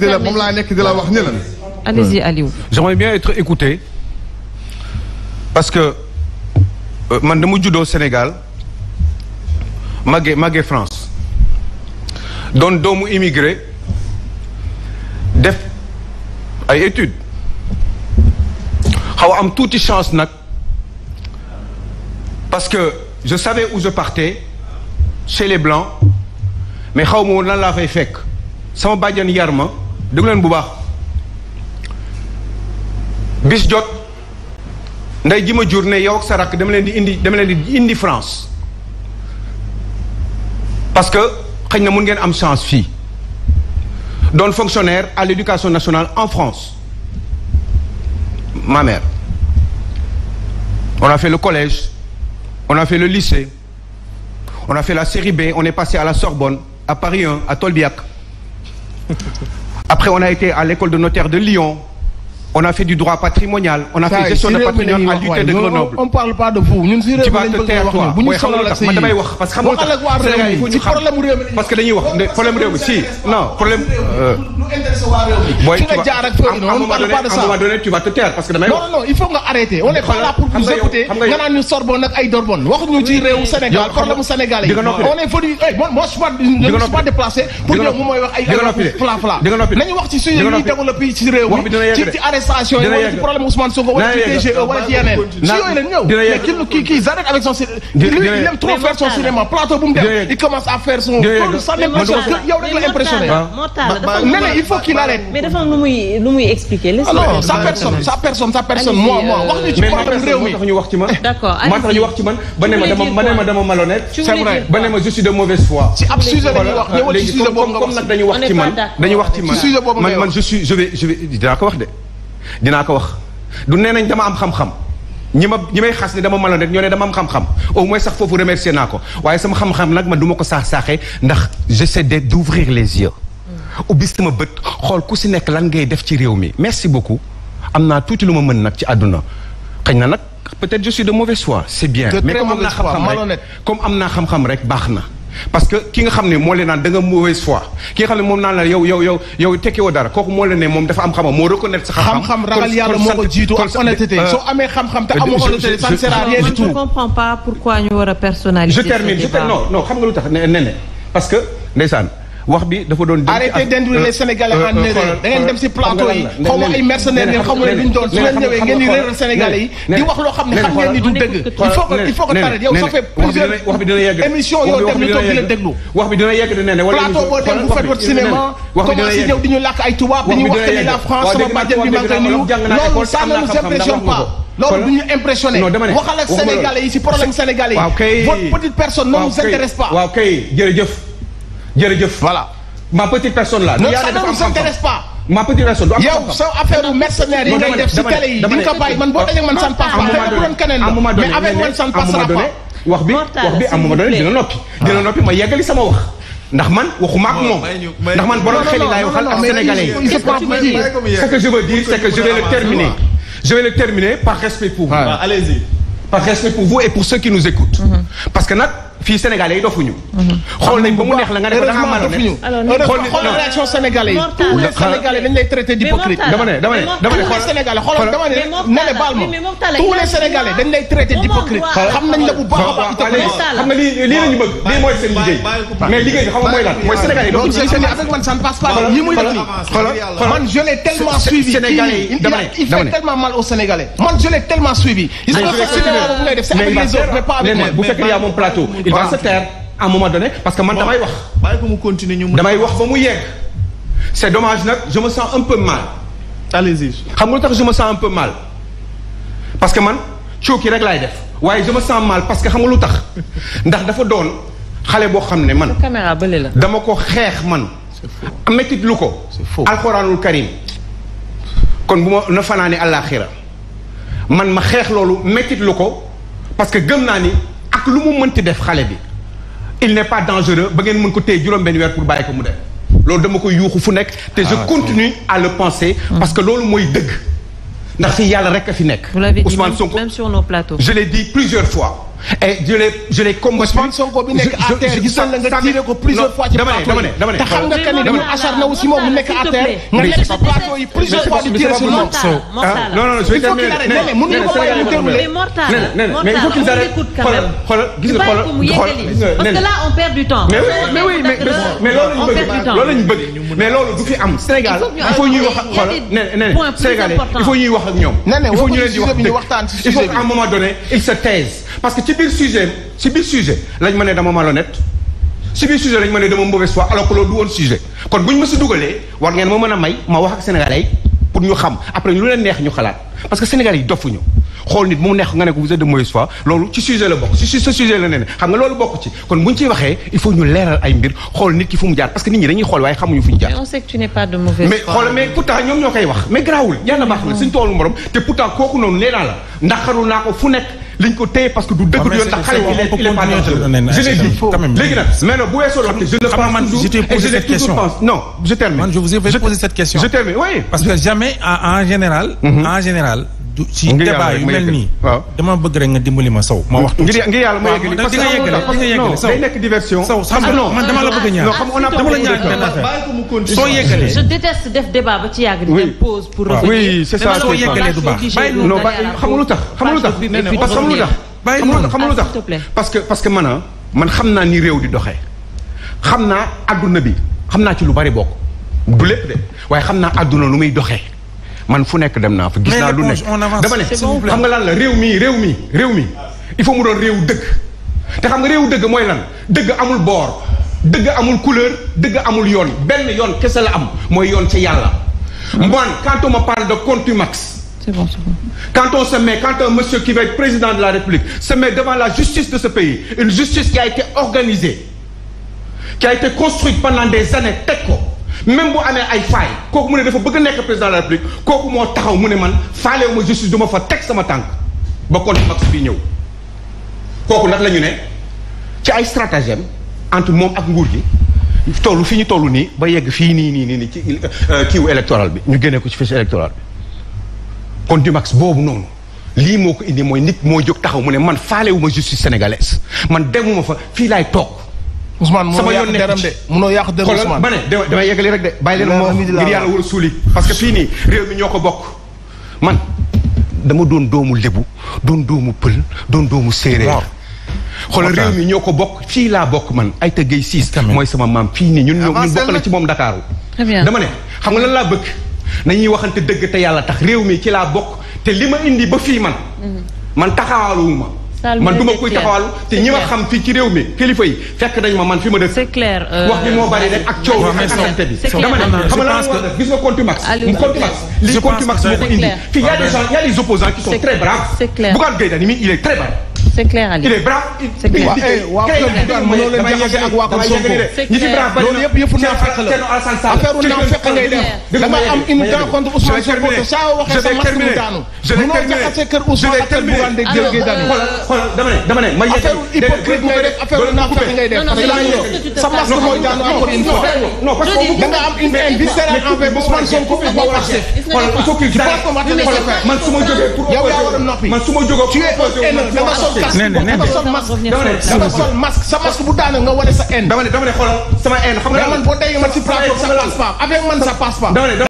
moom laa nekk di wax ne la. allez-y Aliou. j'aimerais bien être écouté parce que euh, man dama juddoo Sénégal màggee màggee France doon doomu immigré def ay études xaw am tuuti chance nag parce que je savais où je partais chez les blancs mais xaw ma woon lan laa fay fekk sama bàjjan yar déglu leen bu baax bis jot nday ji ma jur ne yow ak sa rakk dama leen di indi dama leen di indi France parce que xëy na mun ngeen am chance fii doon fonctionnaire à l'éducation nationale en France ma mère on a fait le collège on a fait le lycée on a fait la série B on est passé à la Sorbonne à Paris 1 à Tolbiac Après, on a été à l'école de notaire de Lyon. on a fait du droit patrimonial on a fait gestion de bu ñu sonal ak man damay wax parce que xam nga problème réew mi si non problème. Euh, booy tu vas à un non il faut nga arrêter on est pas pour vous écouter nga naan ñu Sorbonne ak ay Dordogne waxuñu ci réewu Sénégal problème Sénégalais on est venu moi moi je suis déplacé pour ñoom mu wax ay fla fla nañu wax ci suñu ñuy développé ci réew mi ci arrêté arrestation yi wala ci problème Ousmane Sonko wala ci DGE wala ci yeneen ci yooyu la ñëw mais kii kii kii arrête avec son lui il aime trop faire son cinéma plateau bu mu def il commence à faire son ça même parce que yow rek la impressionné mais ah. il faut qu'il arrête mais dafa am lu muy lu muy expliquer non sa personne sa personne sa personne moi moi euh, wax ñu ci problème réew mi tax ñu wax ci man d'accord moo tax ñu wax ci man ba ne ma dama ba ne ma dama malhonnête c'est vrai ba ne ma je suis de mauvaise foi ci ab sujet la ñuy wax ñëwal ci sujet boobu nga wax comme nag dañu wax ci man dañu wax ci man man je suis je vais je vais dinaa ko wax de dinaa ko wax du nee nañ dama am xam-xam ñi ma ñi may xas ni dama maloon rek ñoo ne dama am xam-xam au moins sax foofu remercier naa ko waaye sama xam-xam nag ma duma ko saax-saaxee ndax j'essaie d'ouvrir les yeux hmm. ubbi sama bët xool ku si nekk lan ngay def ci réew mi merci beaucoup am naa tuuti lu ma mën nag ci àdduna xëy na nag peut-être je suis de mauvaise foi c'est bien mais xam-xam rek comme am naa xam-xam rek baax na parce que ki nga xam ne moo leen naan da nga mauvaise foi ki nga xam ne moom naan la yow yow yow yow tekkiwoo dara kooku moo leen ne moom dafa am xam-xam moo reconnaître sa xam-xam. xam-xam ragal yàlla moo ko jiitu ak honnêteté. Euh, soo amee xam-xam te amoo honnêteté ça ne sert à rien tout. je a personnaliser. je termine je termine non xam nga lu tax nee parce que ndeysaan. wax bi dafa doon. arrêtez d'induire euh, les Sénégalais euh, en euh, erreur da ngeen dem si plateau yi xaw ma ay mercenaires ngeen xamu leen duñ doon su leen ñëwee ngeen di réeral Sénégalais yi di wax loo xam ne xam ngeen ni du dëgg il faut que il faut que tarit yow ça fait plusieurs émissions yoo dem ñu toog di leen déglu wax bi dina yegg ne wala plateau boo dem bu fet wat cinéma commencé ñëw di ñu làkk ay tubaab di ñu wax tamit la France sama bàjjen bi maa ngi koy nuyu loolu ça ne nous impressionne pas loolu du ñu impressionné waxal ak Sénégalais yi si problème Sénégalais yi votre petite personne ne nous intéresse pas waaw kay jërëjëf jërëjëf voilà ma petite personne là. yaa ne dafa am pas. ma petite personne du am yow sa affaire mercenaire yi ngay def si télé yi di ko bàyyi man boo dajeeg man san passe pas bu doon keneen mais avec man san passe pas wax bi wax bi à un moment donné dina noppi dina ah. noppi ma yeggali sama wax ndax man waxuma ak moom ndax man borom xel yi laay waxal ak sénégalais yi ce que je veux dire c'est que je vais le terminer je vais le terminer par respect pour vous allez-y par respect pour vous et pour ceux qui nous écoutent mm-hmm. parce que nag fii sénégalais yi dofuñu. xool nañ ba mu neex la nga ne ko da ngaa mën a ne xool xoolal réaction sénégalais yi. tous les sénégalais dañ lay traité d'hypocrite. dama ne dama ne dama ne xoolal sénégalais xoolal dama ne ne ne baal ma tous les sénégalais dañ lay traité d'hypocrite. xam nañ la bu baax a baax itam xam nga lii lii la ñu bëgg lii mooy seen liggéey mais liggéey bi xam nga mooy lan mooy sénégalais yi. donc sénégalais avec man ça ne passe pas yi muy def nii man je l'ai tellement suivi sénégalais yi dama ne il fait tellement mal aux sénégalais man je l'ai tellement suivi. mais bu fekkee yaa moom plateau va se taire à un parce que man damay wax. bàyyi ko mu continuer ñu damay wax ba mu yegg. c'est dommage nag je me sens un peu mal. allez xam nga lu tax je me peu mal parce que man cooki rek laay def waaye je me mal parce que xam nga lu tax ndax dafa doon xale boo xam ne man. caméra bële la dama ko xeex man. métit lu ko. alxuraanul karim. kon bu ma na fanaane àllaaxira man ma xeex loolu métit lu ko parce que gëm naa ni. ak lu mu mënti def xale bi il n'est pas dangereux ba ngeen mën ko téye juróom-benn weer pour bàyyi ko mu dem loolu dama koy yuuxu fu nekk te je ah, continue à le penser mm. parce que loolu mooy dëgg ndax fi yàlla rek a fi nekk Ousmane Sonko même sur je l'ai dit plusieurs fois et je l'ai je l'ai combattu Ousmane Sonko bi nekk à terre gis nañ la nga tiré ko plusieurs fois ci plateau yi te xam nga que ni dañu acharné aussi moom mu nekk à terre nga nekk ci plateau yi plusieurs fois di tiré sur moom non non non je vais terminer mais mënuñu ko bàyyi mu terminer mais mais il faut qu'ils arrêtent xoolal xoolal gis nga xoolal xoolal parce que là on perd du temps mais mais oui mais mais loolu lañu bëgg loolu lañu bëgg mais loolu du fi am Sénégal il faut ñuy wax ak xoolal nee nee Sénégalais il faut ñuy wax ak ñoom il faut ñu leen di wax il faut à un moment donné ils se taisent parce que si biir sujet si lañ ma ne dama malhonnête si biir sujet lañ ma ne dama mauvaise foi alors que loolu du woon sujet kon bu ñu ma si dugalee war ngeen ma mën a may ma wax ak sénégalais pour ñu xam après lu leen neex ñu xalaat parce que sénégalais dofuñu xool nit mu neex nga ne ko vous êtes de mauvaise loolu ci sujet la bokk si si la ne xam nga loolu bokk ci kon bu ñu ciy waxee il faut ñu leeral ay mbir xool nit ki fu mu jaar parce que nit ñi dañuy liñ ko téye parce que du dëgg du yoon ndax xale bi il est pas je l'ai dit léegi nag mais non bu weesoo loolu je ne pense toujours et je l'ai toujours pensé non je termine man je vous ai posé cette question je termine oui parce que jamais en général en général mm-hmm. du ci débat yu mel nii waaw dama bëgg rek nga dimbali ma saw ma wax ngir ngir yàlla ma yeggali parce que di nga yeggali di nga yeggali saw day nekk diversion saw xam nga ah, man dama la bëgg a ñaar def débat ba ci di def pour oui c'est que xam lu tax bàyyi parce que parce que man ah, man xam naa ni réew di doxee xam naa adduna bi xam naa ci lu bari bokk du lépp waaye xam naa adduna lu muy doxee man fu nekk dem naa fa. gis naa lu nekk dama ne xam nga lan la réew mi réew mi réew mi il faut mu doon réew dëgg. te xam nga réew dëgg mooy lan dëgg amul boor dëgg amul couleur dëgg amul yoon benn yoon kese la am mooy yoon ci yàlla. man quand on me parle de contumace. c'est bon c'est bon. quand on se met quand un monsieur qui va président de la République se met devant la justice de ce pays une justice qui a été organisée qui a été construite pendant des années teg ko. même bu amee ay faay kooku mu ne dafa bëgg a nekk président de la république kooku moo taxaw mu ne man faalewu ma justice du ma fa teg sama tànk ba kon max ñëw kooku nag la ñu ne ci ay stratagème entre moom ak nguur gi toll fi ñu toll nii ba yegg fii nii nii nii ci euh, kiiwu électoral bi ñu génnee ko ci fichier électoral bi kon Dumax boobu noonu lii moo ko indi mooy nit moo jóg taxaw mu ne man faalewu ma justice sénégalaise man demuma fa fii laay toog Ousmane munoo yàq deram de munoo yàq deram Ousmane ba ne damay yeggali rek de bàyyi leen moo parce que fii réew ñoo ko bokk man dama doon doomu lébu doon doomu pël doon doomu séeréer xoolal réew mi ñoo ko bokk fii laa bokk man ay tëggay siis mooy sama maam fii nii ñun ñun bokk na ci moom Ndakaaru dama ne xam nga la laa bëgg nañuy waxante dëgg te yàlla tax réew mi ci laa bokk te li ma indi ba fii man man taxawaaluwu ma man du ma koy taxawalu te ñi ma xam fii ci fekk nañ ma fi ma c'est clair euh, wax bi moo bari ak coow bi ak bi. dama ne xam nga gis nga contumax. mu contumax li contumax indi. fii y des opposants qui sont très braves. c'est clair Bougane mi il est très brave. c'est clair Aliou. c'est clair waaw mënoo leen di jaxase ak waa kër Sonko loolu yëpp yëpp naa fekk la affaire u naa fekk ngay def dama am une rencontre Ousmane Sonko te saa yoo waxee sa masque mu daanu mënoo jaxase kër Ousmane ak kër Bougane de Gueye Gueye daanu dama ne dama ne ma affaire hypocrite ngay def affaire u naa fekk ngay def parce que laa ñëw sa masque mooy daanu encore une fois da nga am une haine viscérale envers Ousmane Sonko ak waa Pastef il faut que man su ma jógee pour yow yaa war a noppi man su ma jógee pour opposition dafa sol masque sa masque bu daana nga wane sa haine. dama ne dama ne xoolal sama haine xam nga man boo déggee man si plateau ça passe pas avec